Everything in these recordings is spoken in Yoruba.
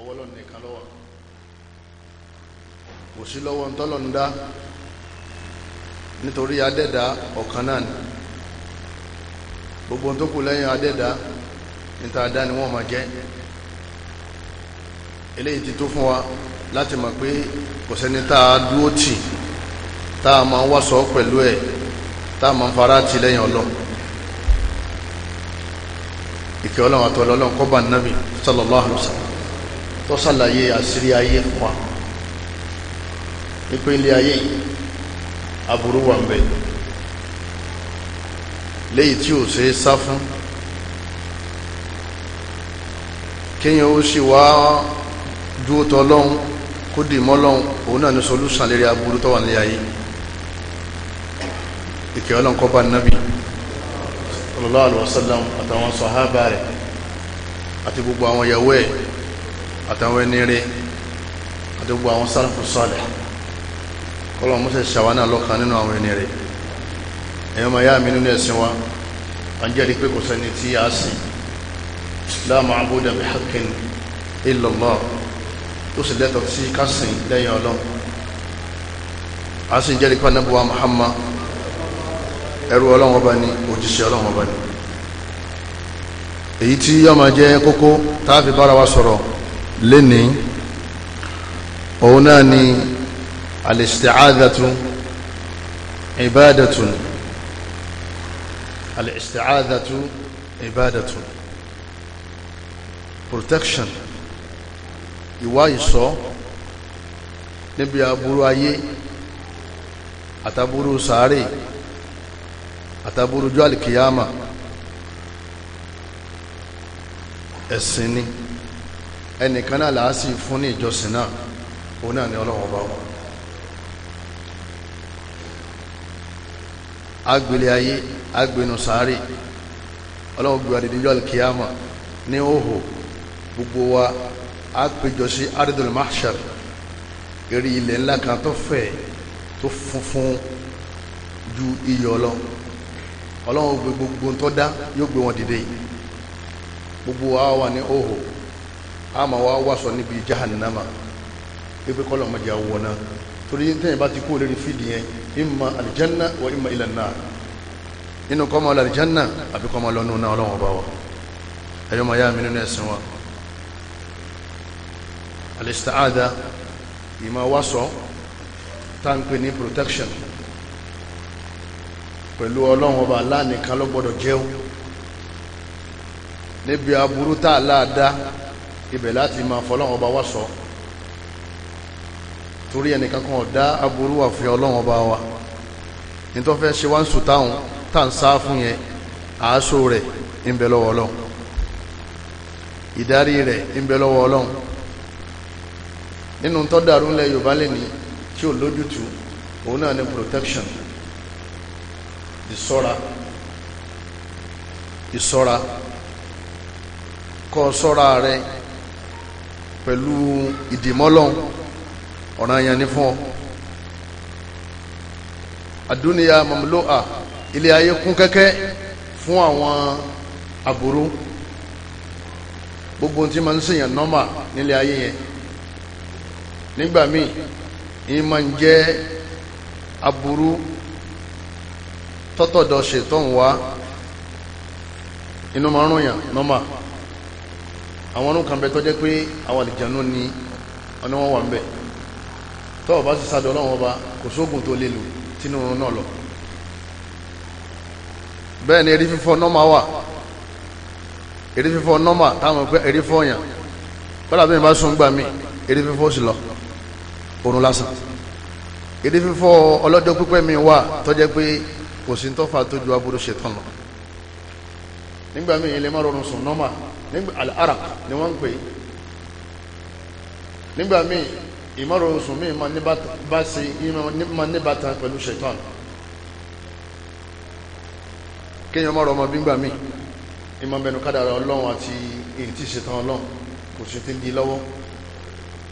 ọwọ́ lọ́nà nìkan lọ́wọ́ kò sí lọ́wọ́ ń tọ́lọ̀ ń dá nítorí adẹ́dá ọ̀kan náà ni gbogbo tó kù lẹ́yìn adẹ́dá níta dá ni wọ́n máa jẹ́ eléyìí ti tó fún wa láti mọ̀ pé kò sẹ́ni tá a dúró tì tá a máa wá sọ pẹ̀lú ẹ̀ tá a máa fara tì lẹ́yìn ọlọ́run ìkẹ́ ọlọ́run àtọ́lọ́lọ́run kọ́ bá nàbì sallallahu alaihi tó sàlàyé àṣírí ayé fún wa ìpínlẹ̀ ayé aburú wà ń bẹ léyìí tí ò ṣe é sá fún kéèyàn ó sì wá dúó tọ lọ́hún kó dì mọ́ lọ́hún òun náà ní solúsàn lérí aburú tó nílé ayé ìkẹ́ ọlọ́run bá nábì sallallahu alaihi wasallam àtàwọn sàhábà rẹ̀ àti gbogbo àwọn ìyàwó ẹ̀ àtàwọn ẹni rẹ àti gbogbo àwọn sálàfù sálẹ̀ kọ́lọ̀ mọ́sẹ̀ ṣàwánà lọ́kàn nínú àwọn ẹni rẹ ẹ̀yọ́ ma yá mi nínú ẹ̀sìn wa a ń jẹ́rìí pé kò sẹ́ni tí a sìn la ma'buda bi haqqin illa tó sì lẹ́tọ̀ sí kásìn lẹ́yìn ọlọ́run a sì ń jẹ́rìí pé anábùwà Muhammad ẹrú ọlọ́run ọba ni òjíṣẹ́ ọlọ́run ọba ni èyí tí yọ́ ma jẹ́ kókó táàfi bára wa sọ̀rọ̀ lẹ́ni òun náà ni al-isti'adhatu ibadatun al protection ìwá ìsọ níbi aburú ayé àtàbúrú sàárè àtàbúrú jọ́ alìkìyàmà ẹ̀sìn ni ẹnìkan náà làá sì fún ní ìjọsìn náà òun náà ni ọlọ́run ọba wọn. agbèlè ayé agbénu sáré ọlọ́run gbé adìdí yọ alikiyama ní òhò gbogbo wa a péjọ sí ardul mahshar eré ilẹ̀ ńlá kan tó fẹ̀ tó funfun ju iyọ̀ lọ ọlọ́run gbé gbogbo tó dá yóò gbé wọn dìde gbogbo wa wà ní òhò. Ama máa wá wàsọ níbi jahannama pípẹ́ kọ́lọ̀ mọ́jà wọ̀ náà torí tẹ́yìn bá ti kú lórí fídì yẹn imma wa imma ilan nar nínú kọ́mọ aljanna àbí kọ́mọ lọ́nu náà ọlọ́wọ́n bá wà ẹ̀yọ́ máa yá mi nínú ẹ̀sìn wa alistaada ìmọ̀ wàsọ táǹpé ní protection pẹ̀lú ọlọ́run ọba aláàníkan ló gbọ́dọ̀ jẹun níbi aburú tá a láàdá ibẹ̀ láti ma fọlọ́run ọba wá sọ torí ẹnìkan kan ọ̀dá aburú wà fún ọlọ́run ọba wa ní tó fẹ́ ṣe wá ń sùn táwọn tá ń sá fún yẹn àásó rẹ̀ ń bẹ lọ́wọ́ ọlọ́run ìdarí rẹ̀ ń bẹ lọ́wọ́ ọlọ́run nínú tó dàrú ńlẹ̀ yorùbá lè ní tí ò lójútu òun náà ní protection ìṣọ́ra ìṣọ́ra kọ́ ṣọ́ra rẹ̀ pẹ̀lú ìdìmọ́lọ́n ọ̀ràn yẹn ni fún ọ àdúnìyà mamloa ilé ayé kún kẹ́kẹ́ fún àwọn aburú gbogbo tí ma ń sèyàn nọ́mà nílé ayé yẹn nígbà míì ìyẹn máa ń jẹ́ aburú tọ́tọ̀dọ̀ ṣètọ́n wá inú máa ń rùn yàn nọ́mà. No àwọn ọ̀run kan bẹ tọ́jẹ́ pé àwọn àlìjànú ni ọ̀nà wọn wà ń bẹ̀ tọ́wọ́ bá sì sádọ̀ ọlọ́run ọba kò sóògùn tó lè lò tínú oorun náà lọ bẹ́ẹ̀ ni eré fífọ́ nọ́mà wà eré fífọ́ nọ́mà táwọn pẹ́ eré fọ́ yàn bọ́lá bẹ́ẹ̀ bá sùn gbà mí eré fífọ́ sì lọ oorun lásán eré fífọ́ ọlọ́jọ́ pípẹ́ mi wà tọ́jẹ́ pé kò sí tọ́fà tó ju aburú ṣetán lọ nígbà míì ilé má rọrùn sùn nọ́mà nígbà al-araq ni wọ́n ń pè nígbà míì ìmọ̀ràn oṣù míì ma bá ṣe ma níbàtà pẹ̀lú shaitan kéèyàn mọ̀rọ̀ ọmọ bí ń gbà míì ìmọ̀ bẹnu kádàrà ọlọ́run àti èyí tí shaitan ọlọ́run kò sí ti ń di lọ́wọ́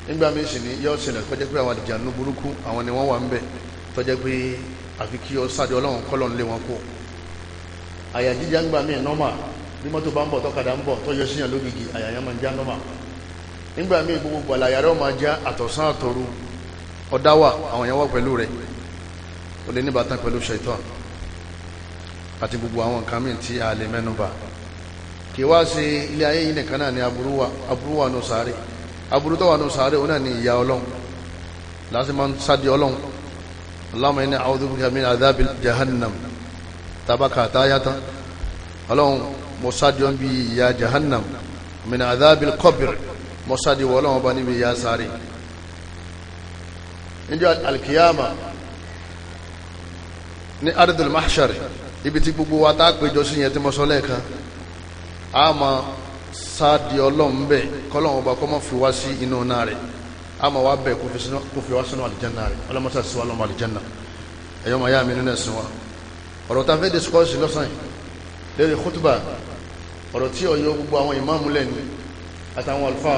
nígbà míì sì ni yóò ṣẹlẹ̀ tó jẹ́ pé àwọn àdìjànú burúkú àwọn ni wọ́n wà ń bẹ̀ tó pé àfi kí ọ sáde ọlọ́run kọ́lọ́run lé wọn kú àyà ń gbà míì normal bí mọ́tò bá ń bọ̀ tọ́kadà ń bọ̀ tọ́jọ́ síyàn lógìgì àyàyàn máa ń já nọ́mà nígbà míì gbogbo àlàyàrá máa já àtọ̀sán àtọ̀rú ọ̀dáwà àwọn èèyàn wà pẹ̀lú rẹ̀ ó lè níbàtán pẹ̀lú ṣaitan àti gbogbo àwọn nǹkan míì tí a lè mẹ́nubà kì wá sí ilé ayé yìí nìkan náà ni aburú wà nù sáré aburú tó wà nù sáré ó náà ni ìyá ọlọ́run láti máa ń sáde ọlọ́run Allahumma inni a'udhu jahannam tabaka táyátán ọlọ́run mọ́sádìọ́ bí ìyá jahannam min azabil qabr mọ́sádì wọ́lọ́wọ́ bá níbi ìyá sáré níjọ́ alkiyama ní ardul mahshar ibi tí gbogbo wa tá péjọ sí yẹn tí mo sọ lẹ́ẹ̀kan a máa sáàdì ọlọ́run bẹ̀ kọ́lọ́run ọba kọ́mọ́ fi wá sí inú náà rẹ̀ a máa wá bẹ̀ kó fi wá sínú àlìjánná mi nínú ẹ̀sìn wa ọ̀rọ̀ tá a fẹ́ discourse lọ́sàn lórí khutba ọ̀rọ̀ tí ọ̀yọ́ gbogbo àwọn ìmáàmù lẹ́nu àtàwọn alfa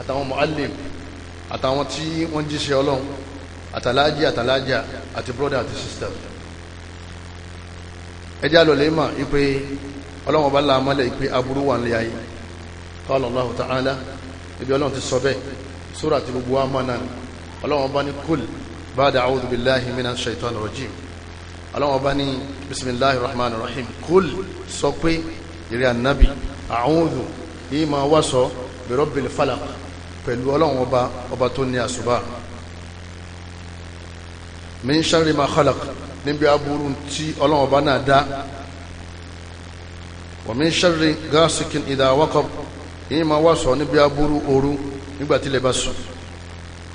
àtàwọn muallim àtàwọn tí wọ́n jíṣẹ́ ọlọ́run àtàlájì àtàlájà àti brother àti sister ẹjẹ́ àlọ́lẹ́ mà ipe ọlọ́run ọba làmọ́lẹ̀ ipe aburú wà nílé ayé qala Allahu ta'ala ibi ọlọ́run ti sọ bẹ́ẹ̀ sórí àti gbogbo wa mọ́ náà ọlọ́run ọba ní kúl ba'da a'udhu billahi minash shaitanir rajim ọlọ́run ọba ní bismillahir rahmanir rahim kúl sọ pé ìrẹ́ ànábì a'udhu yìí máa wá sọ bi rabbil falaq pẹ̀lú ọlọ́run ọba ọba tó ní àṣùbà min sharri ma khalaq níbi aburú tí ọlọ́run ọba náà dá wa min sharri ghasikin idha waqab yìí máa wá sọ níbi aburú ooru nígbà lè bá sùn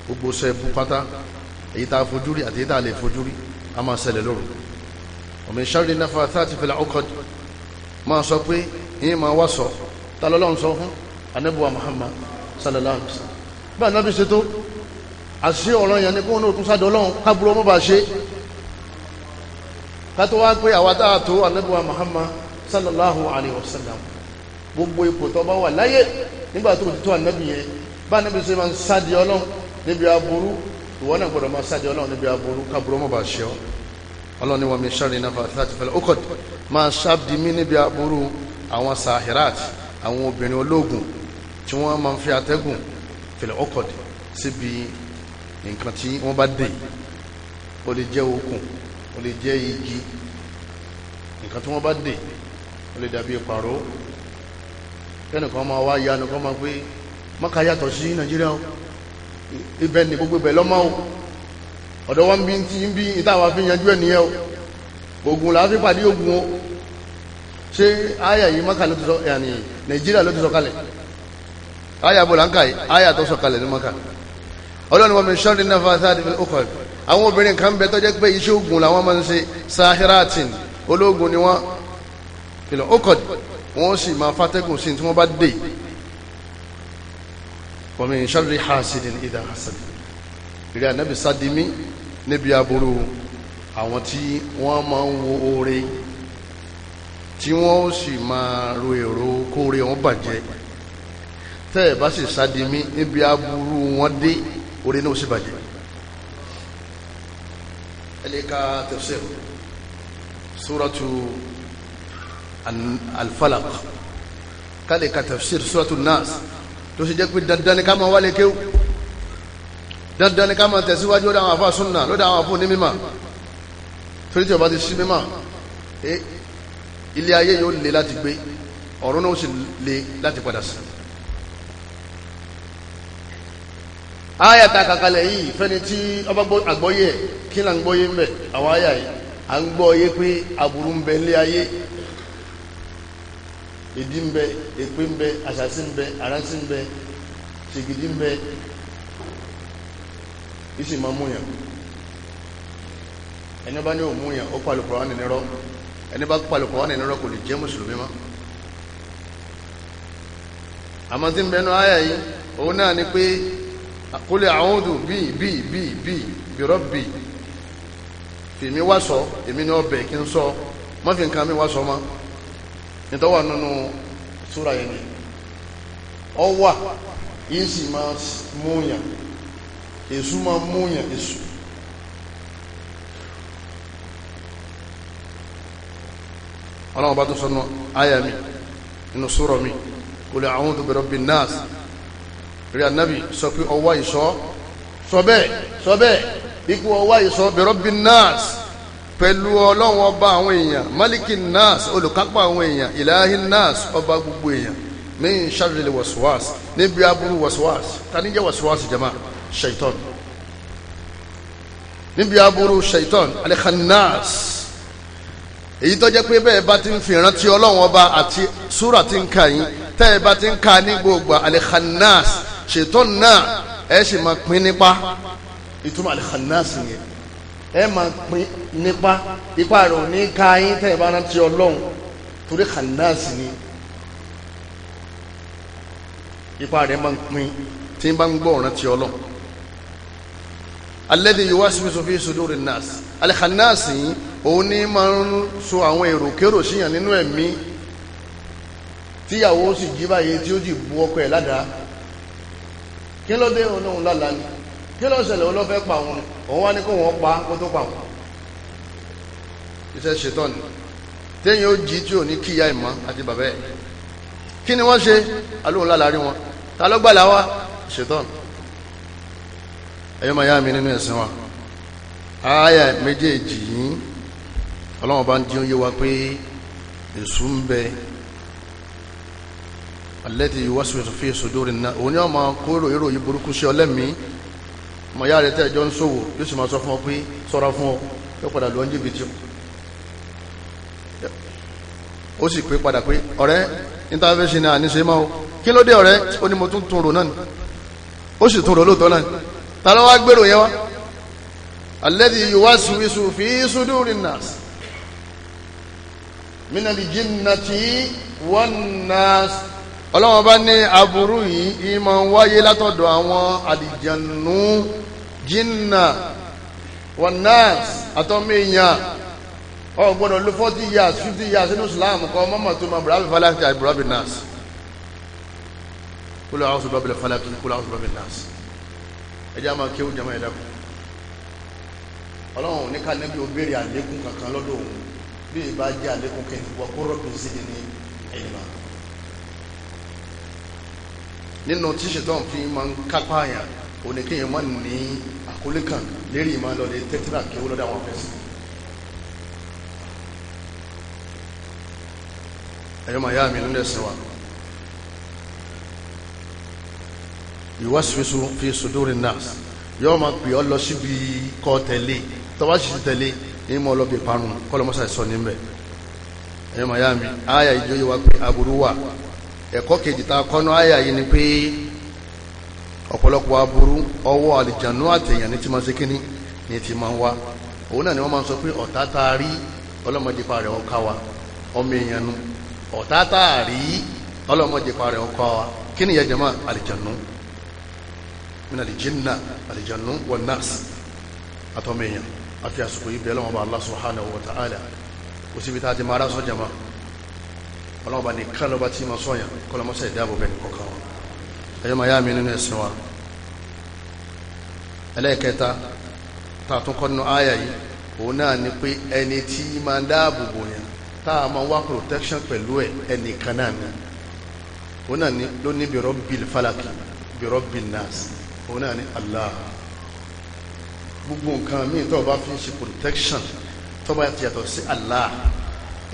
gbogbo sọ ẹ̀bù pátá èyí tá a fojú àti èyí tá a lè fojú a máa ṣẹlẹ̀ lóru wa min sharri nafathati fil uqad máa sọ pé ìyẹn máa wá sọ ta lọ́lọ́run sọ fún anabuwa Muhammad sallallahu alaihi wa sallam bí anabi ṣe tó àṣì ọ̀ràn yẹn ni kó ní òkun sádọ̀ ọlọ́run kábúrò mọ́ bá ṣe ká tó wá pé àwa dáa tó anabuwa Muhammad sallallahu alaihi wa sallam gbogbo ipò tó bá wà láyé nígbà tó ti tó anabi yẹn bá anabi ṣe máa ń sádìí ọlọ́run níbi aburú ìwọ náà gbọ́dọ̀ máa sádìí ọlọ́run níbi aburú kábúrò mọ́ ṣe ọ́ ọlọ́run ní wa min sharri nafathati fil uqad máa ṣáàbì mí níbi aburú àwọn sahirat àwọn obìnrin ológun tí wọ́n máa ń fi àtẹ́gùn fil uqad síbi nǹkan tí wọ́n bá dé ó lè jẹ́ okùn ó lè jẹ́ igi nǹkan tí wọ́n bá dé ó lè dàbí ìpàró kẹ́nìkan máa wá ya nìkan máa gbé mọ́kà yàtọ̀ sí Nàìjíríà ibẹ̀ ni gbogbo ibẹ̀ lọ́mọ́ o ọ̀dọ̀ wọn bí tí ń bí ìtawà fi yanjú ẹniyẹ o ogun la fi pàdé ogun o ṣé àyà yìí maka ló ti sọ yàní nàìjíríà ló ti sọ kalẹ̀ àyà bọ̀lá ń kà yìí àyà tó sọ kalẹ̀ ní maka ọlọ́ni wọn mi sọ́ọ́dì náà fa ọkọ̀ àwọn obìnrin kan bẹ tọ́jẹ́ pé iṣẹ́ ogun làwọn máa ń ṣe sahiratin ológun ni wọ́n kìlọ̀ ọkọ̀ wọ́n sì máa fàtẹ́gùn sí tí wọ́n bá dé wọ́n mi sọ́ọ́dì hasidin ìdá hasidin ìrìn ànábì sádìmí níbi aburú àwọn tí wọ́n máa ń wo oore tí wọ́n ó sì máa ro èrò kóore wọn bàjẹ́ tẹ́ ẹ̀ bá sì sáde mí níbi aburú wọn dé oore náà ó sì bàjẹ́ ẹlẹ́ka tafsir suratu al-falaq kálíka tafsir suratu nas tó sì jẹ́ pé dandan ni ká máa wálé kéwù dandan ni ká máa tẹ̀síwájú lọ́dọ̀ àwọn àfáà súnà lọ́dọ̀ àwọn àfóò ní mímọ̀ torí tí ọba ti sí mímọ̀ e, ilé ayé yóò le láti gbé ọ̀run náà sì le láti padà sí. aya ta kàkalẹ̀ yìí fẹ́ni tí ọba àgbọ́yé kí là ń gbọ́yé ń bẹ̀ àwọn aya yìí à ń gbọ́yé pé aburú ń bẹ ilé ayé ìdí ń bẹ èpè ń bẹ àṣàsí ń bẹ àránsí ń bẹ ṣègìdí ń bẹ Isi máa múyàn ẹni bá ní ò múyàn ó pàlù kùránì nírọ́ ẹni bá pàlù kùránì nírọ́ kò lè jẹ́ mùsùlùmí mọ́ àmọ́ tí ń bẹnu ayà yìí òun náà ni pé àkólé àwọ́dù bí bí bí bí bìrọ́ bì tèmi wá sọ èmi ní ọbẹ̀ kí n sọ mọ́ nǹkan mi wá sọ mọ́ nítọ́wà nínú súra yẹn ni ọ wà yìí sì máa múyàn èṣù máa mú yàn èṣù ọlọ́run bá tó sọ́nà àyà mi inú sọ́rọ̀ mi kò lè àwọn òdòbẹ̀rọ̀ bí nas rí anábì sọ pé ọwá ìṣọ́ sọ bẹ́ẹ̀ sọ bẹ́ẹ̀ ikú ọwá ìṣọ́ bẹ̀rọ̀ bí nas pẹ̀lú ọlọ́run ọba àwọn èèyàn maliki nas olùkápá àwọn èèyàn ilahi nas ọba gbogbo èèyàn min sharri lè wọ̀sùwàs níbi aburú wọ̀sùwàs ta jẹ́ wọ̀sùwàs jama' shaitan níbi aburú shaitan alikhannas èyí tó jẹ́ pé bẹ́ẹ̀ bá ti ń fi ìrántí ọlọ́run ọba àti súrà ti ń ka yín tẹ́ ẹ bá ti ń ka ní gbogbo alikhannas shaitan náà ẹ sì máa pín nípa ìtumọ̀ alikhannas yẹn ẹ máa pín nípa ipa rẹ̀ ò ní ka yín tẹ́ ẹ bá rántí ọlọ́run torí khannas ni ipa rẹ̀ máa pín tí ń bá ń gbọ́ ọ̀ràn ti ọlọ́run alẹ́dẹ̀ yìí wá síbi sọfí sùdúrì nas alihanasi òun ní máa ń so àwọn èrò kérò síyàn nínú ẹ̀mí tíyàwó sì jí báyìí tí ó jì bu ọkọ ẹ̀ ládàá kí ló dé olóhùn lálàá ni kí ló ṣẹlẹ̀ olófẹ́ pa wọn òun wá ní kó wọn pa kó tó pa wọn iṣẹ́ ṣetán ni téèyàn ó jí tí ò ní kíyà ìmọ̀ àti bàbá ẹ̀ kí ni wọ́n ṣe alóhùn lálàá rí wọn ta ló gbàlá wa ṣetán ẹ̀yọ́ máa yá mi nínú ẹ̀sìn wa ààyà méjèèjì yìí ọlọ́wọ́n bá ń dín yé wa pé èṣù ń bẹ alẹ́tì ìwọ́sùwẹ̀sù fi sùdúrì náà òun ni wọ́n máa kó ròyìnrò yìí burúkú sí ọlẹ́mìí mọ̀ yá rẹ̀ tẹ́jọ́ ń ṣòwò yóò sì máa sọ fún ọ pé sọ́ra fún ọ yóò padà lọ ń jìbìtì ó sì pé padà pé ọ̀rẹ́ intervention náà ní máa kí ló ọ̀rẹ́ ó ní mo tún tún rò náà ó sì tún rò lóòótọ́ náà ta ló wá gbèrò yẹn wá alladhi yuwaswisu fi suduri nnas minal jinnati wan nas ọlọ́wọ́n bá ní aburú yìí ìmọ̀ ń wáyé látọ̀dọ̀ àwọn àlìjànú jìnnà wan nas àtọ́mọ èèyàn ọ gbọ́dọ̀ ló forty years fifty years nínú Islam kọ́ mọ́mọ́ tó ma burabi falaki àti burabi nas kúlọ̀ àwọn sọ̀rọ̀ bẹ̀rẹ̀ falaki kúlọ̀ àwọn sọ̀rọ̀ bẹ̀rẹ̀ nas ẹjá máa kí ó jẹmọ́ ẹ̀dàkù ọlọ́run ní kánẹ́bí ó béèrè àlékún kankan lọ́dọ̀ òun bí ìbá jẹ́ àlékún kẹ́ni wọ́n kó rọ́pì sí ni ní ẹ̀yìnbá nínú tí ṣetán fi máa ń kápá àyàn òní kéèyàn máa ní àkólé kan lérí ìmọ̀ lọ́dẹ tẹ́tírà kí ó lọ́dọ̀ àwọn afẹ́sì ẹ̀yọ́ màá yá mi nílẹ̀ sí wa ìwọ́sífisù fi sùdúrì nas yọọ ma pè ọ́ lọ síbi kọ́ tẹ̀lé tọ́wọ́sì tẹ̀lé ní mọ́ lọ́bì parun kọ́lọ́mọ́sà sọ níbẹ̀ ẹ̀yọ́ wa pé aburú wà ẹ̀kọ́ kejì tá ni pé ọ̀pọ̀lọpọ̀ aburú ọwọ́ àlìjànú àtẹ̀yàn ní ti máa ṣe kíní ní ti máa min alijinna alijannu wa nas àtọ́mẹ̀yàn àfi àsìkò yìí bẹ̀rẹ̀ lọ́wọ́ Allah subhanahu wa ta'ala kò síbi tá a ti máa rá sọ́jà máa ọlọ́wọ́ bá ní kán lọ́ba tí ma sọ́yàn kọlọmọ́sẹ̀ ìdáàbò bẹ̀ ní kọ̀kan wọn ẹ̀yọ́ máa yá mi nínú ẹ̀sìn wa ẹlẹ́ẹ̀kẹta tààtún kọ́nù àyà yìí òun náà ni pé ẹni tí máa dáàbò bò yẹn tá a máa wá protection pẹ̀lú ẹ̀ ẹnìkan náà ni òun náà ló ní bi rabbil falaki bi rabbin nas òun náà ni Allah gbogbo nǹkan míì tó bá fi ń ṣe protection tó bá ti yàtọ̀ sí Allah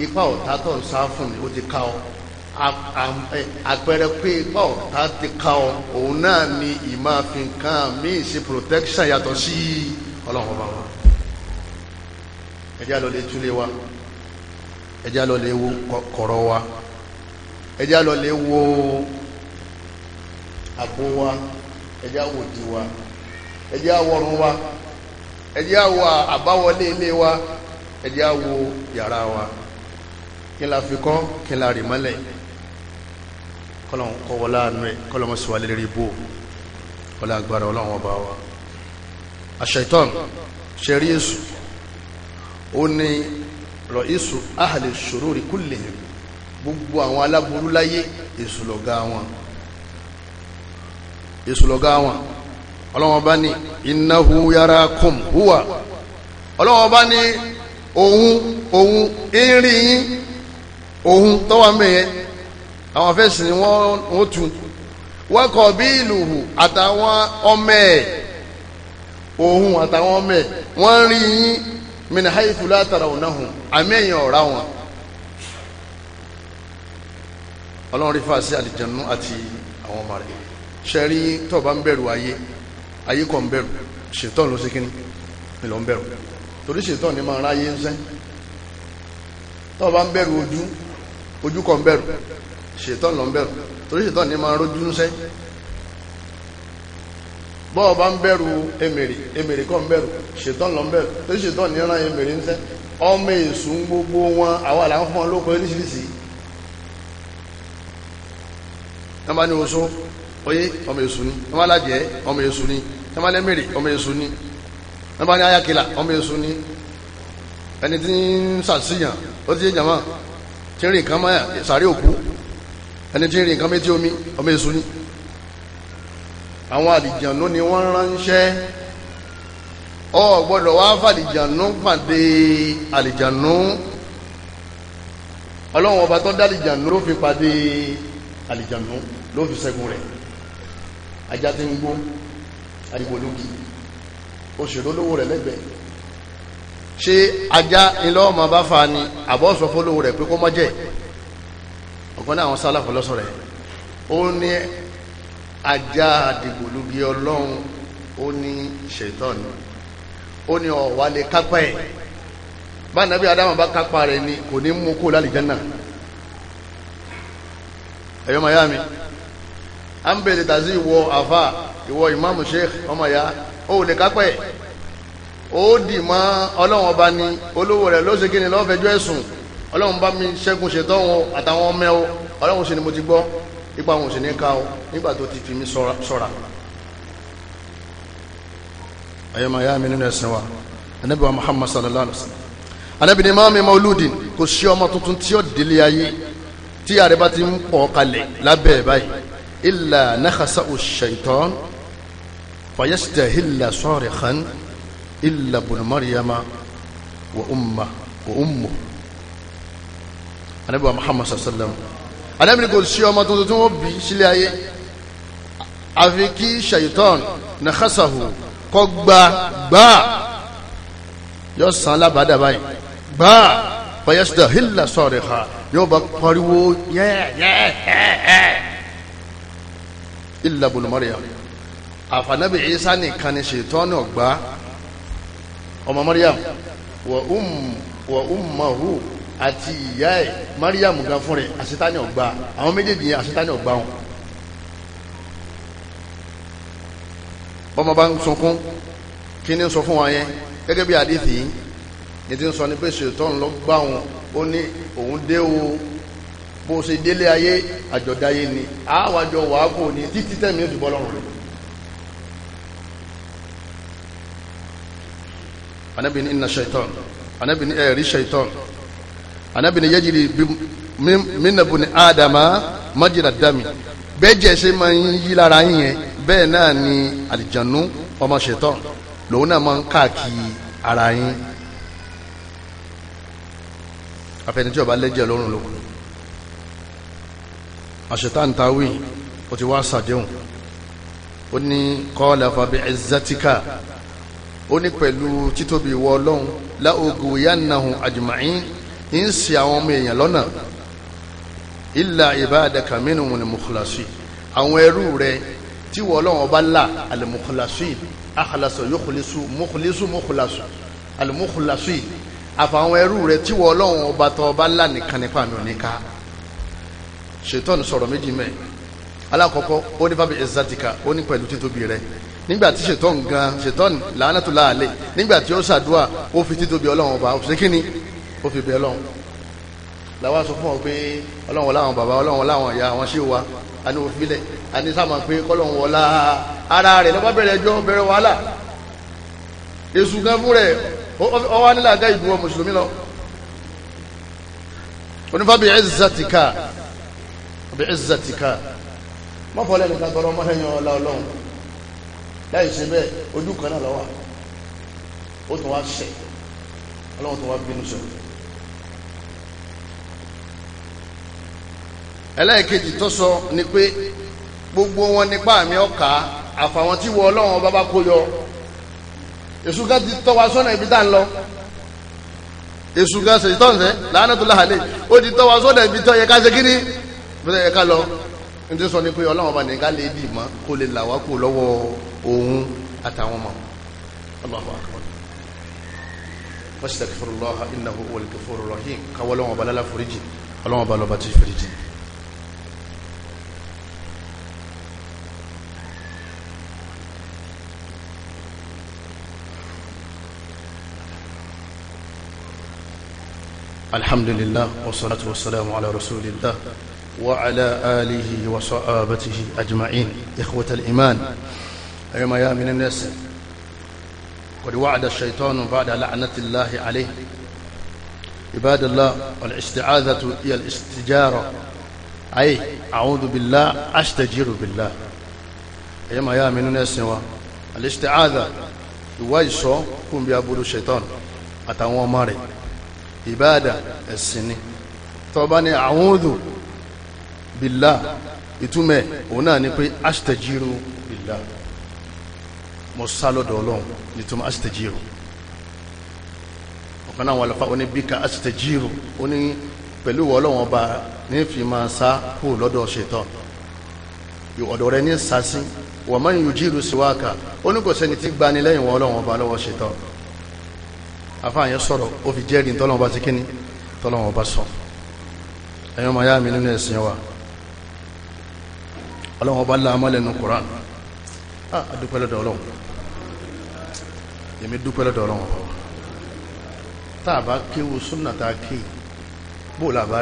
ipa ọ̀tá tó ń sá fún ni ó ti ká ọ àpẹẹrẹ pé ipa ọ̀tá ti ká ọ òun náà ni ìmáa fi nǹkan míì ṣe protection yàtọ̀ sí ọlọ́run ọba wa ẹjá lọ lè túlé wa ẹjá lọ lè wo kọ̀rọ̀ wa ẹjá lọ lè wo àpò wa ẹjẹ́ àwọ̀ òdì wa ẹjẹ́ àwọ̀ ọrùn wa ẹjẹ́ àwọ̀ àbáwọlé ilé wa ẹjẹ́ àwọ̀ yàrá wa kí la fi kọ́ kí la rì mọ́lẹ̀ kọ́lọ́mọsíwálé rẹ̀ kọ́lọ́mọsíwálé rẹ̀ bò ọlá agbára ọlọ́run ọba wa àṣẹ̀tọ́n ṣẹ̀rí èṣù ó ní rọ̀ èṣù ahli shururi kullihim gbogbo àwọn aláburú láyé èṣù lọ̀gá wọn èṣù lọ́gá wọn ọlọ́wọ́n bá ní innahu yarakum huwa ọlọ́wọ́n bá ní òun òun irin yín òun tọ́wọ́ mẹ́yẹn àwọn afẹ́sìn ni wọ́n ó tu wọ́n kọ̀ bí ìlú àtàwọn ọmọ ẹ̀ òun àtàwọn ọmọ ẹ̀ wọ́n rí yín min haythu la tarawnahum àmì ẹ̀yìn ọ̀rá wọn ọlọ́run rí fàá sí àlìjẹ̀nú àti àwọn ọmọ rẹ̀ sẹ́rí tó bá ń bẹ̀rù ayé ayé kọ́ ń bẹ̀rù ṣètọ́ ló sí kíní ìlọ ń bẹ̀rù torí ṣètọ́ ni máa ráyé ń sẹ́ tó bá ń bẹ̀rù ojú ojú kọ́ ń bẹ̀rù ṣètọ́ lọ ń bẹ̀rù torí ṣètọ́ ni máa rójú ń sẹ́ bọ́ọ̀ bá ń bẹ̀rù emèrè emèrè kọ́ ń bẹ̀rù ṣètọ́ lọ ń bẹ̀rù torí ṣètọ́ ni rán emèrè ń sẹ́ ọmọ èsùn gbogbo wọn àwọn àlàáfọ́ wọn ló kọ́ oríṣiríṣi oyé ọmọ èṣù ni ẹ má lájẹ ọmọ èṣù ni ẹ má lẹ́mẹ̀rẹ̀ ọmọ èṣù ni ẹ má ní ayákẹ́là ọmọ èṣù ni ẹni tí ń ṣàṣìyàn ó ti ṣe jàmá tí ń rìn nǹkan máa sàárè òkú ẹni tí ń rìn nǹkan méjì omi ọmọ èṣù ni àwọn àlìjànú ni wọ́n ránṣẹ́ ọ gbọ́dọ̀ wá fàlìjànú pàdé àlìjànú ọlọ́run ọba tó dálìjànú ló fi pàdé àlìjànú ló fi ṣẹ́gun rẹ̀ ajá tí ń gbó àyíwò lógi òṣèré olówó rẹ̀ lẹ́gbẹ̀ẹ́ ṣé ajá ilọ́ ọmọ bá fa ni àbọ̀ sọ fólówó rẹ̀ pé kó mọ́ jẹ́ ọ̀kan náà àwọn sálàfù lọ́sọ̀ rẹ̀ ó ní ajá àdìgbò lógi ọlọ́run ó ní ṣètọ́ni ó ní ọ̀wá lè kápá ẹ̀ bá nàbí adama bá kápá rẹ̀ ni kò ní mú kó lálẹ́ jẹ́ náà ẹ̀yọ́ mayami à ń bèrè tàzí ìwọ àfà ìwọ ìmáàmù sheikh ọmọ ìyá ó lè kápẹ́ ó dì mọ́ ọlọ́run ọba ni olówó rẹ̀ ló ṣe kí ni lọ́fẹ̀ẹ́jọ́ ẹ̀sùn ọlọ́run bá mi ṣẹ́gun ṣètọ́ wọn àtàwọn ọmọ ẹ̀ o ọlọ́run sì ni mo ti gbọ́ ipa wọn sì ní ká o nígbà tó ti fi mí sọ́ra ayọ́mọ̀ ya mi nínú ẹ̀sìn wa anabi wa muhammad sallallahu alaihi wa sallam anabi ni maami mauludin kò sí ọmọ tuntun tí ó délé ayé tí àrẹ bá ti ń pọ̀ kalẹ̀ lábẹ́ ẹ̀ báyìí إلا نخسأ الشيطان فيستهل صارخا إلا ابن مريم وأمه وأمه anabi wa muhammad sallallahu alaihi wasallam anabi kò sí ọmọ tuntun tí wọn bí sílé ayé àfi kí shaitan na khasahu kọ gba gbà yóò san alábàádà báyìí gbà bayasida hila sọrọ ha yóò bá pariwo yẹ́ẹ́ yẹ́ẹ́ yẹ́ẹ́ illa ibn Maryam àfànàbì Isa nìkan ni ṣètọ́nù ọ̀gbá ọmọ Maryam wa um wa ummuhu àti ìyá ẹ̀ Maryam gan fún rẹ̀ àṣetánì ọ̀gbá àwọn méjèèjì yẹn àṣetánì ọ̀gbá wọn. bọ́mọ bá ń sunkún kí ni ń sọ fún wa yẹn gẹ́gẹ́ bí àdìsí yìí ni ti ń sọ ni pé ṣètọ́nù lọ́gbà wọn ó ní òun dé o bó ṣe délé ayé àjọ̀dáyé ni àwàjọ wàágò ní títí tẹ́mi òdìbọ́ lọ́rùn rẹ̀ anabini inna shaitan anabini ẹ̀rí shaitan anabini yẹ́jìlì minabu ni adama majira dami bẹ́jẹ̀ ṣe máa ń yí lára yẹn bẹ́ẹ̀ náà ni àlìjànú ọmọ shaitan lòun náà máa ń káàkiri ara yín afẹnijọba lẹ́jẹ̀ lọ́rùn lókun àṣetán tawí ó ti wá sàdéhùn ó ní kọ́ọ̀lá fàbí ẹ̀zẹ́tíkà ó ní pẹ̀lú títóbi ìwọ ọlọ́run láògùn yánnáhùn àjùmáyín ń sin àwọn ọmọ èèyàn lọ́nà ilà ìbáàdàkà mínú mùlẹ̀mùkùlàṣì àwọn ẹrú rẹ tí wọ́n ọlọ́run ọba là àlẹ̀mùkùlàṣì àkàlàṣọ yókùlẹ́sù mùkùlẹ́sù mùkùlàṣì àlẹ̀mùkùlàṣì àfàwọn ẹrú rẹ tí wọ́n ọlọ́run ọba tọ́ ọba là nìkan nípa mi ò ní ká ṣètọ́n sọ̀rọ̀ méjì mẹ́ alákọ̀ọ́kọ́ ó ní fábí ẹ̀sàtìkà ó ní pẹ̀lú títóbi rẹ̀ nígbà tí ṣètọ́n gan ṣètọ́n làánàtò láàlẹ̀ nígbà tí ó ṣàdúà ó fi títóbi ọlọ́run ọba òṣèré kíni ó fi bẹ ọlọ́run làwa sọ fún ọ pé ọlọ́run ọlá àwọn bàbá ọlọ́run ọlá àwọn ìyá àwọn ṣé wa a ní òfilẹ̀ a ní sáà máa pé kọ́lọ́run ọlá ara rẹ̀ lọ́ba bẹ̀rẹ̀ ẹjọ́ bẹ̀rẹ̀ wàhálà èṣù gan fún rẹ̀ ọwọ́ nílà àgá ìbúwọ̀ mùsùlùmí lọ onífàbí ẹ̀ bi izzatika mọ́fọ́lẹ́ nìkan tọrọ mọ́lẹ́yìn ọlá ọlọ́run láì ṣe bẹ́ẹ̀ ojú kan náà lọ́wọ́ ó tún wá ṣẹ̀ ọlọ́run tún wá bínú sọ ẹlẹ́ẹ̀kejì tó sọ ni pé gbogbo wọn nípa àmì ọkà àfàwọn tí wọ ọlọ́run ọba bá kó yọ èṣù kan ti tọ́ wa sọ́nà ibi tá à ń lọ èṣù kan ṣèyí tọ́ǹsẹ̀ làánà tó láhàlẹ̀ ó ti tọ́ wa sọ́nà ibi tó yẹ ká ṣe kí bẹ́ẹ̀ yẹ ká lọ ní tí sọ ni pé ọlọ́run ọba nìkan lè dì mọ́ kó lè là wá kó lọ́wọ́ òun àtàwọn ọmọ Allahu akbar fastaghfirullah innahu huwal ghafurur rahim káwọ́ ọlọ́run ọba lálá foríjì ọlọ́run ọba lọ́ba tí foríjì. alhamdulillah wassalatu wassalamu ala rasulillah وعلى آله وصحابته أجمعين إخوة الإيمان أيما يا من الناس قد وعد الشيطان بعد لعنة الله عليه عباد الله والاستعاذة هي الاستجارة أي أعوذ بالله أستجير بالله أيما يا من الناس الاستعاذة يواجه كن بأبو الشيطان أتوامر عبادة السنين طبعا أعوذ billah ìtumẹ̀ òun náà ni pé ashtajiru billah mo sá lọ́dọ̀ ọlọ́run nítumọ̀ ashtajiru ọ̀kan náà wà lọ́fà ó ní bíkà ashtajiru ó ní pẹ̀lú ọlọ́run ọba ní fi máa sá kú lọ́dọ̀ ṣaitan ọ̀dọ̀ rẹ ní sásí wọ́n máa ń yujiru síwáàkà ó ní kò sẹ́ni tí gbani lẹ́yìn wọn ọlọ́run ọba lọ́wọ́ ṣaitan afáàyàn sọ̀rọ̀ ó fi jẹ́rìí tọ́lọ́run ọba ti kíní tọ́lọ́run ọba sọ ẹ̀yọ́ máa yá mi nínú ẹ̀sìn wa ọlọ́run ọba láàmà lẹ́nu koran ah adúpẹ́ lọ́dọ̀ ọlọ́run èmi dúpẹ́ lọ́dọ̀ ọlọ́run tá a bá kéwu súnà tá a ké bó la bá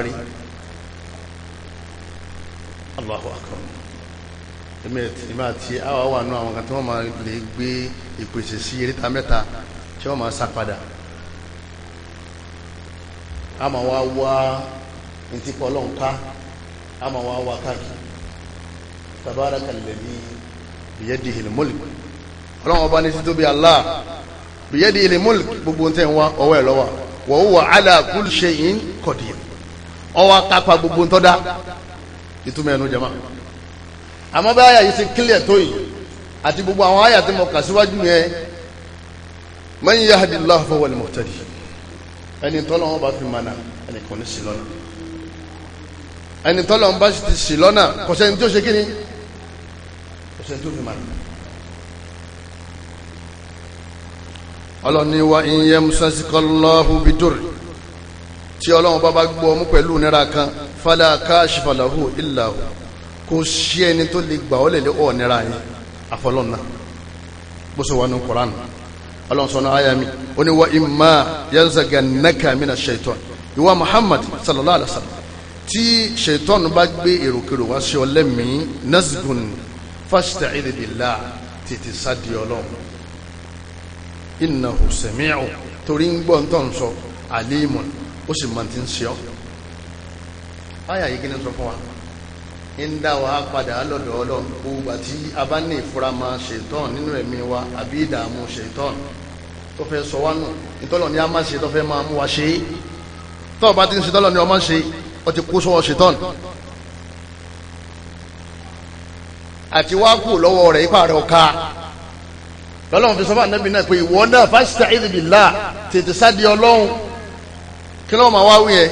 akbar èmi àti àwa wà nù àwọn kan tí wọ́n máa lè gbé ìpèsè sí eréta mẹ́ta tí wọ́n máa sá padà a máa wá wá káàkiri tabarakalladhi biyadihil mulk ọlọ́run ọba ní títóbi Allah biyadihil mulk gbogbo ń tẹ̀ ń wá ọwọ́ ẹ̀ lọ́wọ́ wa huwa ala kulli shay'in qadir ọwọ́ akápa gbogbo ń tọ́da ìtumọ̀ ẹnu jama àmọ́ bá àyà yìí ṣe kílẹ̀ tó yìí àti gbogbo àwọn àyà tí mo sẹ́ni tó fi máa yìí ọlọ́ni wa ìyẹn musasikọ́lọ́hu bidúrì tí ọlọ́run bá bá gbọ́ ọmú pẹ̀lú nira kan fala kashifa lahu illa hu kò sí ẹni tó lè gbà ọ́ lè lé ọ̀ nira yẹn àfọlọ́nà bó ṣe wà ní Kùránì ọlọ́run sọ́nà àyà mi ó ní wa imma yanzaganaka mina shaitan ìwà Muhammad sallallahu alaihi wa sallam tí shaitan bá gbé èròkèrò wá sí ọ lẹ́mìí nazgun fasta'idh billah tètè sádi ọlọ́run innahu sami'u torí ń gbọ́ ntọ́ nsọ alimun ó sì mọ̀ tí ń sọ. báyà yìí kí ni sọ fún wa ń dá wa padà lọ́dọ̀ ọlọ́run gbogbo àti abáni ìfurama ṣètọ́n nínú ẹ̀mí wa àbí ìdààmú ṣètọ́n tó fẹ́ sọ wá nù ìtọ́lọ̀ ni a máa ṣe tó fẹ́ máa mú wa ṣe tọ́ọ̀ bá ti ń ṣe tọ́lọ̀ ni ọ máa ṣe ọ ti kó sọ́wọ́ ṣètọ́n. àti wá kù lọ́wọ́ rẹ̀ ipa rẹ̀ ọ̀ka lọ́lọ́run fi sọ fún ànábì náà pé ìwọ náà fasta'idh billah tètè sáde ọlọ́run kí lọ́wọ́ máa wá wí yẹn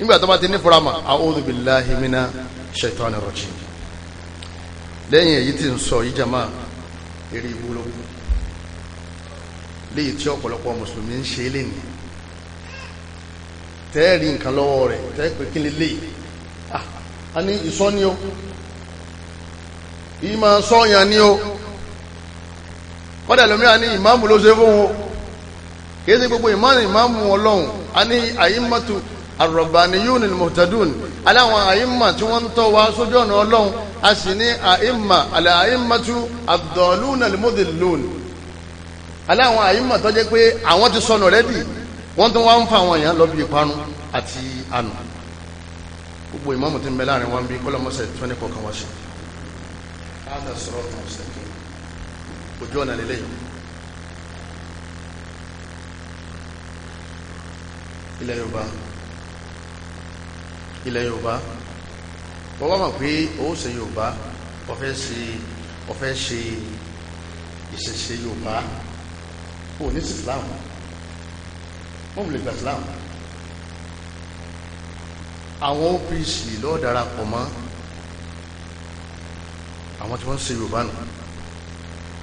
nígbà tó bá ti ní fura mà a'udhu billahi mina shaitanir rajim lẹ́yìn èyí tí ń sọ yìí jama eré ìwúlò léyìí tí ọ̀pọ̀lọpọ̀ mùsùlùmí ń ṣe lénìí tẹ́ẹ̀rí nǹkan lọ́wọ́ rẹ̀ tẹ́ẹ̀ kí ìmọ̀ sọ́yàn ni o kọ́dà lómi à ní ìmáàmù ló ṣe fún o kìí ṣe gbogbo ìmáàmù ìmáàmù ọlọ́run a ní àyímọ̀tò àrọ̀bàníyún ní mọ̀tàdún aláwọn àyímọ̀ tí wọ́n ń tọ́ wa sójú ọ̀nà ọlọ́run a sì ní àyímọ̀ àlẹ́ àyímọ̀tò àdọ̀lúnà lèmọ́dèlón aláwọn àyímọ̀ tó jẹ́ pé àwọn ti sọnù rẹ́dì wọ́n tún wá ń fa àwọn èèyàn lọ bí ìparun àti àná gbogbo ìmáàmù ti ń bẹ wọn bí kọ́lọ́mọsẹ̀ tó ní kọ̀ọ̀kan wá sí i hada sirata mustaqim ojú ọ̀nà lélẹ́yìn ilẹ̀ yorùbá ilẹ̀ yorùbá wọ́n wá mọ̀ pé ó ṣe yorùbá ọ̀fẹ́ ṣe ọ̀fẹ́ ṣe ìṣẹ̀ṣe yorùbá ò ní sí islam wọ́n lè gba islam àwọn opc lọ́ọ́ darapọ̀ mọ́ àwọn tí wọ́n ń ṣe yorùbá nù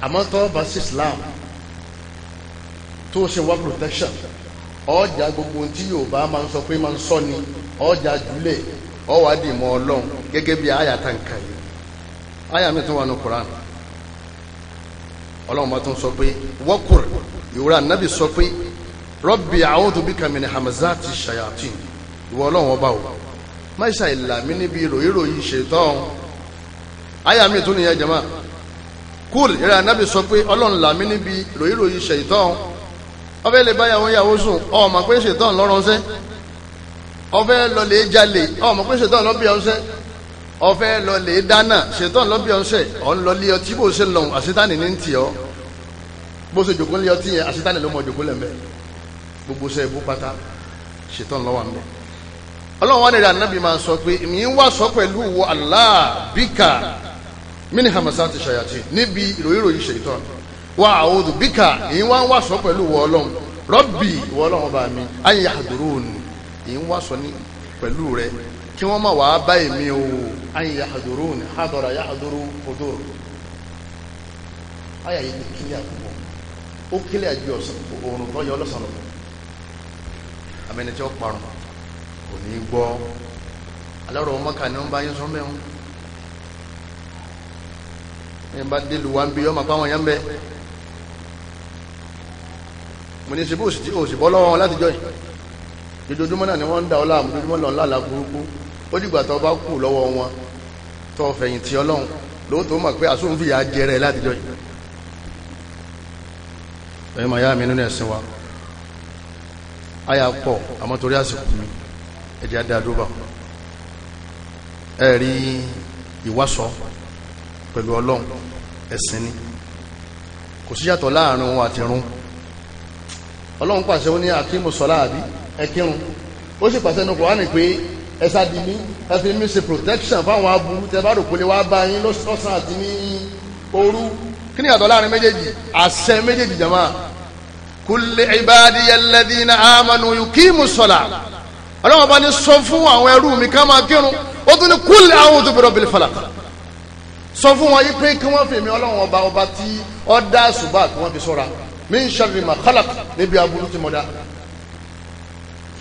àmọ́ tó bá sí islam tó ṣe wá protection ọjà gbogbo tí yorùbá máa ń sọ pé máa ń sọ ni ọjà jùlẹ̀ ọwà dì mọ́ ọlọ́run gẹ́gẹ́ bí àyà tá nǹkan yìí àyà mi tún wà ní quran ọlọ́run bá tún sọ pé wọ́kùr ìwúrà nábì sọ pé rọ́bì a'udhu bika min hamazati shayatin ìwọ ọlọ́run ọba o má ṣàìlàmí níbi ìròyìn ìròyìn ọ̀hún àyà mi tún nìyẹn jẹ̀mọ́ kúl ìrẹ́ anábì sọ pé ọlọ́run là mí níbi ròyìnròyìn ṣèyítọ́n ọfẹ́ lè bá yàwó yàwó sùn ọmọ pé ṣèyítọ́n lọ́rọ̀ọ́sẹ́ ọfẹ́ lọlẹ̀ jalè ọmọ pé ṣèyítọ́n lọ́bíọ́sẹ́ ọfẹ́ lọlẹ̀ dáná ṣèyítọ́n lọ́bíọ́sẹ́ ọ̀n lọlẹ̀ ọtí bó ṣe lọ́hùn àṣetánì ní tì ọ́ bó ṣe jòkó lé ọtí yẹn àṣetánì ló mọ jòkó lẹ́mẹ́ gbogbo ṣe ibú pátá ṣèyítọ́n lọ́wọ́ mi ọlọ́run wà ní ìrànlọ́bì máa sọ pé mi wá sọ pẹ̀lú Allah bíkà mini hamasa ti ṣayati níbi ìròyìnròyìn ṣètò wa àwòdù bíkà èyí wá ń wàṣọ pẹ̀lú wọ ọlọ́run rọ́bì wọ ọlọ́run ọba mi ayé àdúró òní èyí ń wàṣọ ní pẹ̀lú rẹ kí wọ́n má wàá bá èmi o ayé àdúró òní àdọ̀rà ayé àdúró odò ayé yìí ni kílẹ̀ àkókò ó kílẹ̀ àjọ òrùn tó yọ ọlọ́sàn lọ́wọ́ amẹnitẹ́ ọ̀parun kò ní gbọ́ alárò ọmọkà ni wọ́n bá yín sọ́mẹ́wọ́n ẹ̀ bá dé lùwà ń bí ọmọ pàwọn èèyàn bẹ́ mo ní ṣebú òṣìbọ́ lọ́wọ́ láti jọ yìí dojoojúmọ́ náà ni wọ́n ń da ọlá àmójúmọ́ lọ ńlá burúkú ó dìgbà tó bá kù lọ́wọ́ wọn tó fẹ̀yìntì ọlọ́run lóòótọ́ mọ̀ pé àsóǹfìyà jẹrẹ láti jọ yìí ẹ̀yìn màá yá mi nínú ẹ̀sìn wa àyà pọ̀ àmọ́ torí àsìkò mi ẹ̀jẹ̀ adé àdúrà ẹ̀rí ìwásọ̀ pẹ̀lú ọlọ́run ẹ̀sìn ni kò sí yàtọ̀ láàrin òun àti irun ọlọ́run pàṣẹ ó ní àkímù sọ́lá àbí ẹkírun ó sì pàṣẹ ní kòránì pé ẹ̀sà dì mí ẹ̀fì mi ṣe protection fáwọn aburú tẹ bá rò wá bá yín lọ́sàn àti ní òru kí ni yàtọ̀ láàrin méjèèjì àṣẹ méjèèjì jama kulli ibadiya alladhina amanu yuqimu sọ́lá ọlọ́run bá ní sọ sọ fún wọn yí pé kí wọ́n fèmí ọlọ́run ọba ọba tí ọ dá ṣùgbọ́n kí wọ́n fi sọ́ra min sharri ma khalaq níbi aburú tí mo dá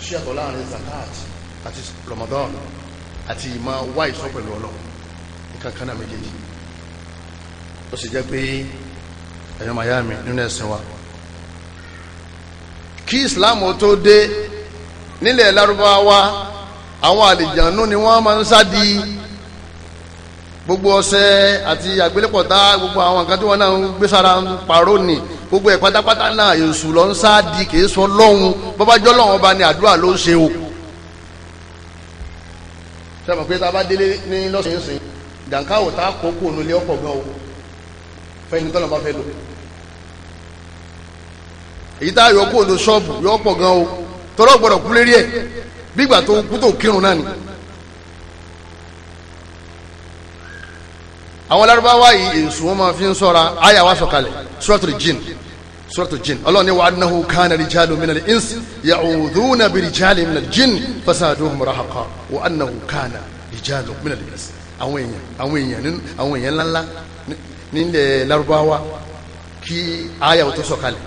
ṣé àtọ̀ láàrin zakat àti Ramadan àti ìmọ̀ wá ìsọ pẹ̀lú ọlọ́run nǹkan kan náà méjèèjì ó sì jẹ́ pé ẹ̀yọ́ miami nínú ẹ̀sìn wa kí Islam tó dé nílẹ̀ Lárúbáwá àwọn àlìjànú ni wọ́n máa ń sá di gbogbo ọṣẹ àti àgbélépọ̀tá gbogbo àwọn nǹkan tí wọ́n náà ń gbé sára ń parọ́ ni gbogbo ẹ̀ pátápátá náà èṣù lọ ń sáàdì kì í sọ lọ́hùn bọ́bájọ́ lọ́hùn ọba ni àdúrà ló ń ṣe o. sẹ́mi pé tá a bá délé ní lọ́sẹ̀ẹ́sìn ìdànkáwò tá a kó kó onulẹ̀ ọ̀pọ̀ gan o fẹ́yìn tọ́lọ̀ bá fẹ́ lò. èyí tá a yọ kó onu ṣọ́ọ̀bù yọ ọ̀pọ̀ gan o tọ́lọ̀ gbọ́dọ̀ kú lérí ẹ̀ bí ìgbà tó kú tó kírun náà ni. àwọn Lárúbáwá yìí èsù wọn máa fi ń sọ́ra àyà wa sọ̀kalẹ̀ suratul jinn suratul jinn ọlọ́run ní wa annahu kana rijalun minal ins ya'udhuna bi rijalin minal jinn fasaduhum rahaqa wa annahu kana rijalun minal ins àwọn èèyàn àwọn èèyàn àwọn èèyàn ńláńlá nílẹ̀ Lárúbáwá kí àyà wọn tó sọ̀kalẹ̀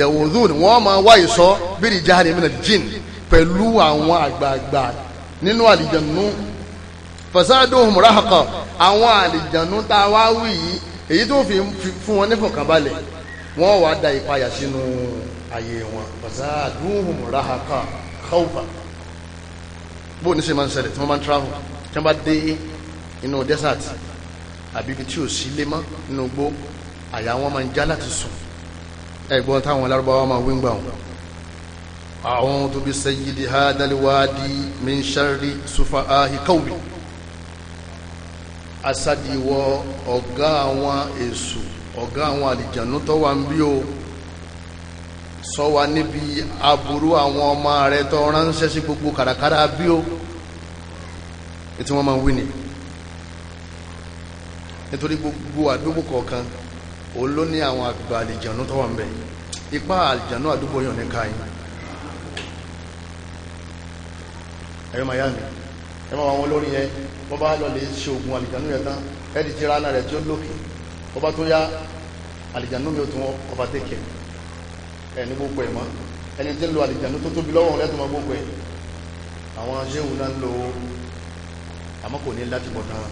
ya'udhuna wọn máa wá ìsọ bi rijalin minal jinn pẹ̀lú àwọn àgbààgbà nínú àlìjànnú fasaduhum rahaqa àwọn àlìjànú tá a wá wí yìí èyí tó fi fún wọn nífọ̀kànbalẹ̀ wọ́n wá da ìpayà sínú ayé wọn fasaduhum rahaqa khawfa bó ní ṣe máa ń ṣẹlẹ̀ tí wọ́n máa ń travel tí wọ́n bá dé inú desert àbí ibi tí ò sí lé mọ́ nínú igbó àyà wọn máa ń já láti sùn ẹ̀gbọ́n táwọn alárúbáwá máa wí ń gbà wọn a'udhu bi sayyidi hadal wadi min sharri sufa'ahi qawmi asadiwọ ọ̀gá àwọn èṣù ọ̀gá àwọn àlìjànú tó wà ń bí o sọ wa níbi aburú àwọn ọmọ rẹ tó ránṣẹ́ sí gbogbo kàràkàrà bí o ètí wọ́n máa wí ni nítorí gbogbo àdúgbò kọ̀ọ̀kan òun ló ní àwọn àgbà àlìjànú tó wà ń bẹ ipá àlìjànú àdúgbò yàn ní káyìn ẹ̀rọ màyá mi ẹ máa wọn lórí yẹn wọ́n bá lọ lè ṣe oògùn àlìjànú yẹn tán ẹ ti jira náà rẹ̀ tí ó lókè wọ́n bá tó yá àlìjànú mi ò tún ọba tẹ̀kẹ̀ ẹ̀ ní gbogbo ẹ̀ mọ́ ẹni tí ń lo àlìjànú tó tóbi lọ́wọ́ lẹ́tọ̀ọ́ máa gbogbo ẹ̀ àwọn ṣéwù náà ń lo àmọ́ kò ní láti bọ̀ tán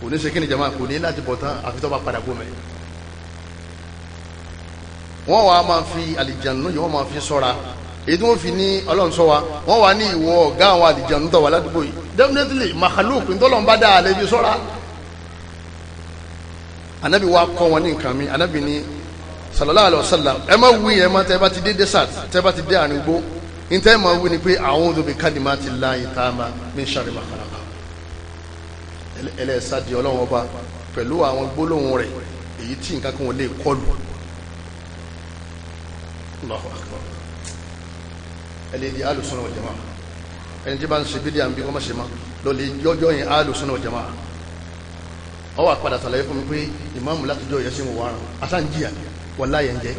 kò ní ṣe kí ni jama kò ní láti bọ̀ tán àfi tó bá padà gómẹ̀ wọ́n wàá máa fi àlìjànú yìí wọ́n máa fi sọ́ra èyí tí wọ́n fi ní ọlọ́run wa wọ́n wà ní ìwọ ọ̀gá àwọn àlìjànú tó wà ládùúgbò yìí definitely mahaluk ntọ́lọ́n bá dá alẹ́ bí sọ́ra anabi wa kọ́ wọn ní nǹkan mi anabi ní sallallahu alayhi wa sallam ẹ má wí ẹ má tẹ ẹ bá ti dé desert tẹ ẹ bá ti dé àárín gbó ntẹ ẹ má wí ni pé a'udhu bi kalimati llahi taama min sharri ma khalaqa ẹlẹ́ẹ̀sá di ọlọ́run ọba pẹ̀lú àwọn gbólóhùn rẹ̀ èyí tí nǹkan kan ò lè ẹni di alùsùn náà jama ẹni tí bá ń ṣe bídí à ń bí kọ́ máa ṣe ma lọ́lẹ̀ yọjọ́ yẹn alùsùn náà jama ọ wà padà sàlàyé fún mi pé ìmáàmù látijọ́ yẹn ṣe ń wà rán asáǹjìyà wà láyẹ̀ ń jẹ́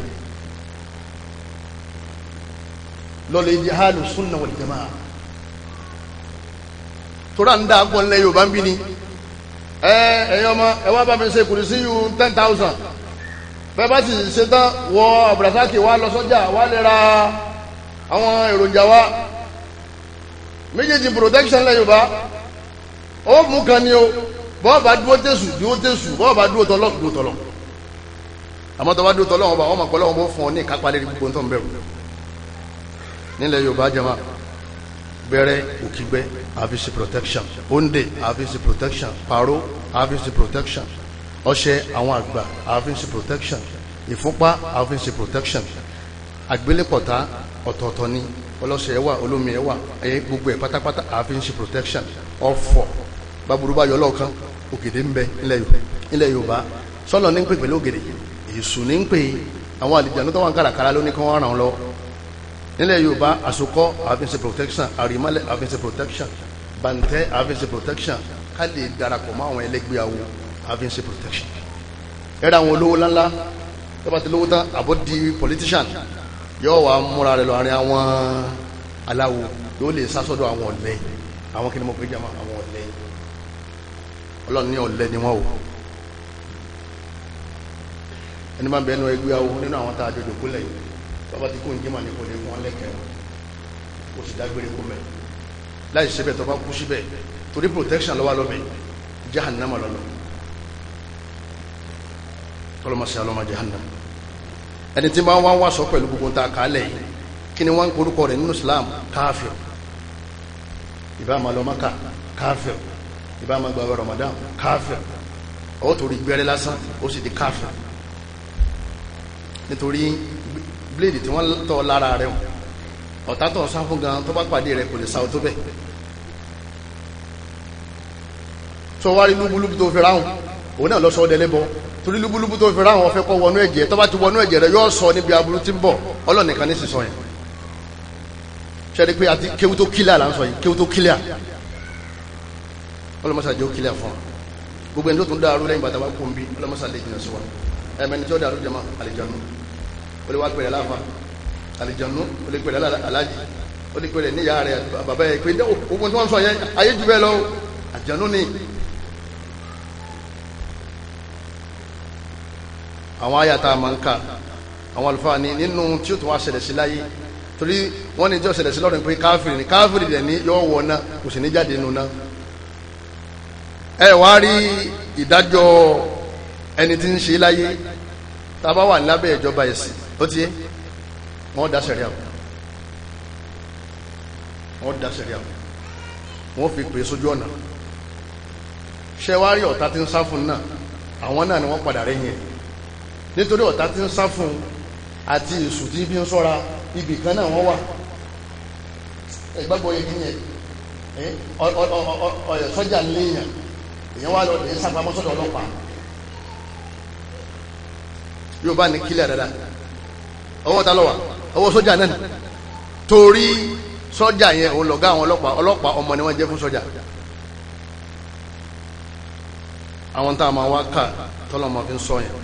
lọ́lẹ̀ di alùsùn tóra ń dá agbọ́n lẹ́ Yorùbá ń bí ni ẹ ẹ̀yọ́ ọmọ ẹ wá bá mi ṣe kùrìsí yìí ten thousand bẹ́ẹ̀ bá sì ṣe tán wọ àbùràsáàkì wá lọ sọ́jà wá lè ra àwọn èròjà wa méjèèjì protection lẹ yorùbá ó mú kan ni o bọ́ọ̀bà dúró tẹ̀sù dúró tẹ̀sù bọ́ọ̀bà dúró tọ́lọ́ dúró tọ́lọ́ àmọ́ tọ́ba dúró tọ́lọ́ wọn bá wọn mọ̀ pọ́lọ́ wọn bó fún ọ ní ìkápá lérí gbogbo tó ń bẹ̀rù nílẹ̀ yorùbá jẹ́ máa bẹ̀rẹ̀ òkìgbẹ́ àfíìsì protection ondé àfíìsì protection paro àfíìsì protection ọṣẹ àwọn àgbà àfíìsì protection ìfúnpá àfíìsì protection àgbélépọ̀tá ọ̀tọ̀ọ̀tọ̀ ni ọlọ́sẹ̀ ẹ̀ wà olómi ẹ̀ wà ẹ̀yẹ gbogbo ẹ̀ pátápátá àfin ṣe protection ọ̀fọ̀ bàbúrú bá yọ lọ́ọ̀kan ògèdè ń bẹ ilẹ̀ Yorùbá sọ́lọ ní ń pè pẹ̀lú ògèdè Èṣù ní ń pè àwọn àlìjànú tó wà ń kàràkàrà ló ní kí wọ́n ràn án lọ nílẹ̀ Yorùbá àsokọ́ àfin ṣe protection àrìmálẹ̀ àfin ṣe protection bàǹtẹ́ àfin ṣe protection ká lè darapọ̀ mọ́ àwọn ẹlẹ́gbẹ́ àfin ṣe protection ẹ̀rọ àwọn olówó láńlá tó bá ti lówó tán àbọ̀ di politician yóò wá múra rẹ̀ lọ àárín àwọn aláwo yóò lè sásọ́dọ̀ àwọn ọ̀lẹ àwọn kí ni mo pè jama àwọn ọ̀lẹ ọlọ́run ní ọ̀lẹ ni wọ́n o ẹni máa bẹ̀ẹ́nu ẹgbẹ́ awo nínú àwọn tá a jọjọ bàbá tí kò ń jẹ́mà ní kò lè wọ́n lẹ́kẹ̀ẹ́ kò sì dágbére kó mẹ́ láì ṣe bẹ́ẹ̀ tó bá kú síbẹ̀ torí protection lọ́wọ́ lọ́mẹ́ jahannama lọ́lọ́ tọ́lọ́mọṣẹ́ alọ́mọ jahannama ẹni tí máa ń wá wá sọ pẹ̀lú gbogbo ta kálẹ̀ yìí kí ni wọ́n ń korúkọ rẹ̀ nínú Islam káfíọ̀ ìbá máa lọ Mákà káfíọ̀ ìbá máa gbàgbọ́ Ramadan káfíọ̀ ọ̀ torí gbẹ́rẹ́ lásán ó sì di káfíọ̀ nítorí bíléèdì tí wọ́n tọ́ lára rẹ̀ ọ̀tá tó ń sá fún gan tó bá pàdé rẹ̀ kò lè sá ọ tó bẹ́ẹ̀ tó wá rí lúbúlúbú tó fi ráhùn òun náà lọ sọ ọdẹ lẹ́bọ̀ọ́ torí lúbúlúbú tó fi ra àwọn ọ̀fẹ́ kọ́ wọnú ẹ̀jẹ̀ tó bá ti wọnú ẹ̀jẹ̀ rẹ yóò sọ níbi aburú tí ń bọ̀ Ọlọ́run nìkan ní sísọ yẹn ṣẹ́ni pé àti kéwú tó kílíà là ń sọ yìí kéwú tó kílíà ọlọ́mọṣà jẹ́ ó kílíà fún wa gbogbo ẹni tó tún dàrú lẹ́yìn bàtà wa kó ń bí ọlọ́mọṣà lè jìnà sí wa ẹ̀mẹ́ni tí ó dàrú jẹ́mọ́ àlìjọ́nù ó lè wá pẹ̀lẹ́ láfa àlìjọ́nù ó lè pẹ̀lẹ́ alájì ó lè pẹ̀lẹ́ níyà rẹ̀ bàbá yẹ pé ogun tí wọ́n sọ yẹn ayé jù bẹ́ẹ̀ lọ àjọ́nù ni àwọn àyàtà àmàǹkà àwọn àlùfáà ní nínú tí ó tún wá ṣẹlẹ̀ sí láyé torí wọ́n ní ìjọ ṣẹlẹ̀ sí lọ́rùn pé káfíìrì ní káfíìrì rẹ̀ ní yọ wọ̀ náà kò sì ní jáde nù náà ẹ wá rí ìdájọ́ ẹni tí ń ṣe láyé tá a bá wà lábẹ́ ìjọba ẹ̀sìn ó ti yé wọ́n dá sẹ̀ríà wọ́n dá sẹ̀ríà wọ́n fi pè sójú ọ̀nà ṣẹ́wárí ọ̀tá tí ń sá fún náà àwọn náà ni wọ́n padà rẹ́yìn ẹ̀ nítorí ọ̀tá tí ń sá fún un àti èṣù tí bí ń sọ́ra ibì kan náà wọ́n wà ẹgbẹ́gbọ́ yẹn kíyẹn ọ̀yọ̀ sọ́jà léèyàn èyàn wà lọ́dẹ̀ ń sàpamọ́ sọ́dọ̀ ọlọ́pàá yóò bá ní kílẹ̀ dáadáa ọwọ́ ta lọ́wà ọwọ́ sọ́jà náà torí sọ́jà yẹn òun lọ̀gá àwọn ọlọ́pàá ọlọ́pàá ọmọ ni wọ́n jẹ́ fún sọ́jà àwọn táwọn máa wá kà tọ́lọ́mọ fi ń sọ yẹn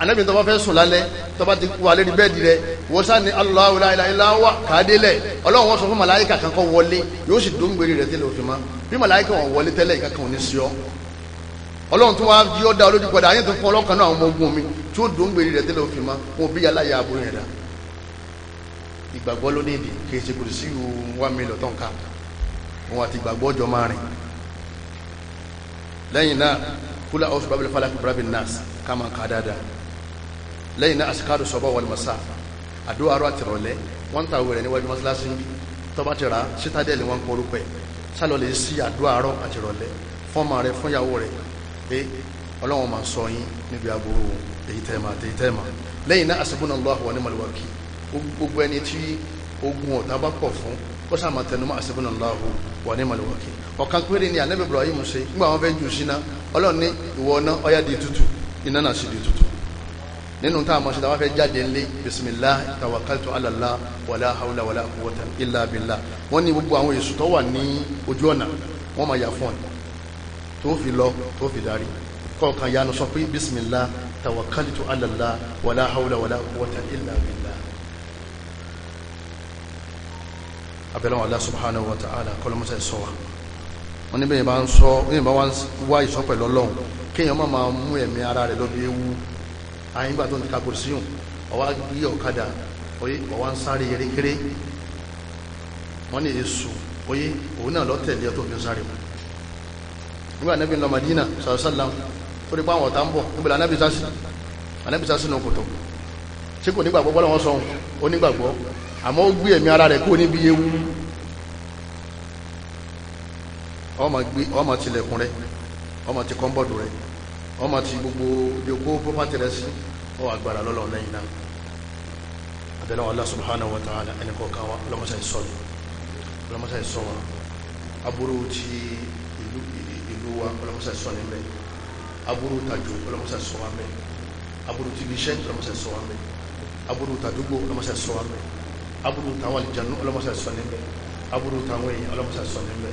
anabi tó bá fẹ́ sùn lálẹ́ tó bá ti wà lórí bẹ́ẹ̀dì rẹ wọ́n sá ni Allahu la ilaha illa huwa kàdélẹ̀ ọlọ́run wọ́n sọ fún màláìkà kan kọ́ wọlé yóò sì dóńgbé rẹ tẹ́lẹ̀ òfin ma bí màláìkà wọn wọlé tẹ́lẹ̀ ìka kan ò ní sí ọ ọlọ́run tó wá yí ọ́ da olójú padà ayé tó fún ọlọ́kan náà àwọn ọmọ ogun mi tí ó dóńgbé rẹ tẹ́lẹ̀ òfin ma wọn bí yàrá ya àbúrò yẹn dá lẹ́yìn náà àsìkáàdù sọ́bọ̀ wal masa àdúrà àrò àtìrọ̀lẹ́ wọ́n ń ta òwe rẹ̀ níwájú mọ́sálásí tọ́ba ti ra sítádẹ́ẹ̀lì wọn kọ́ orúkọ ẹ̀ sálọ lè sí àdúrà àrò àtìrọ̀lẹ́ fọ́ọ̀mà rẹ̀ fúnyàwó rẹ̀ pé ọlọ́run máa sọ yín níbi aburú èyí tẹ́ẹ̀mà àti èyí tẹ́ẹ̀mà lẹ́yìn náà àsìkò náà lọ́wọ́ àwọn onímọ̀lúwàkì gbogbo ẹni tí ogun ọ̀tá bá pọ̀ fún kó sáàmà tẹnumọ́ àsìkò náà lọ́wọ́ wà ní mọ̀lúwàkì ọ̀kan péré ni ànábì Ibrahim ṣe nígbà wọn fẹ́ jù síná ọlọ́run ní ìwọ náà ọyá di tútù iná sì di tútù nínú tá a mọ̀ sí ta wọ́n fẹ́ jáde ńlẹ̀ bisimilá tawakaltu alala wàlá haula wàlá kúwọ́ta ilá abilá wọ́n ní gbogbo àwọn èso tó wà ní ojú ọ̀nà wọ́n máa yà fún ọ tó fi lọ tó fi darí kọ̀ọ̀kan yanu sọ pé bisimilá tawakaltu alala wàlá haula wàlá kúwọ́ta ilá abilá. abẹ́lẹ́wọ̀n Allah subhanahu wa ta'ala kọlọmọsẹ̀ sọ wa wọ́n ní bẹ́ẹ̀ bá ń sọ bẹ́ẹ̀ bá wá ìsọ pẹ̀lú àyìn gbà tó ń ka kùrìsíyùn ọwá yí ọ̀kadà oyé ọwá ń sáré erékeré wọ́n ní èsù oyé òun náà lọ́tẹ̀lé ọtọ́ fi ń sáré wọn nígbà anábì ń lọ Madina sàrọ̀sálà tó rí páwọn ọ̀tá ń bọ̀ níbi anábì sásì anábì sásì náà kò tọ̀ tí kò nígbàgbọ́ bọ́lá wọn sọ onígbàgbọ́ àmọ́ ó gbé ẹ̀mí ara rẹ̀ kúrò níbi ewu ọmọ tilẹ̀kùn rẹ̀ ọmọ ti kọ́ńbọ̀dù wọ́n máa ti gbogbo bí okó property rẹ̀ sí ọ agbára lọ́lọ́ lẹ́yìn náà àtẹ́lẹ́wọ̀n Allah subhanahu wa ta'ala ẹni kọ̀ọ̀kan wa ọlọ́mọṣà ìsọ̀nù ọlọ́mọṣà ìsọ̀nù aburú ti ìlú wa ọlọ́mọṣà ìsọ̀nù mẹ́ aburú tajú ọlọ́mọṣà ìsọ̀nù mẹ́ aburú ti iṣẹ́ ọlọ́mọṣà ìsọ̀nù mẹ́ aburú tàdúgbò ọlọ́mọṣà ìsọ̀nù mẹ́ aburú tàwọn àlìjànú ọlọ́mọṣà ìsọ̀nù mẹ́ aburú tàwọn èèyàn ọlọ́mọṣà ìsọ̀nù mẹ́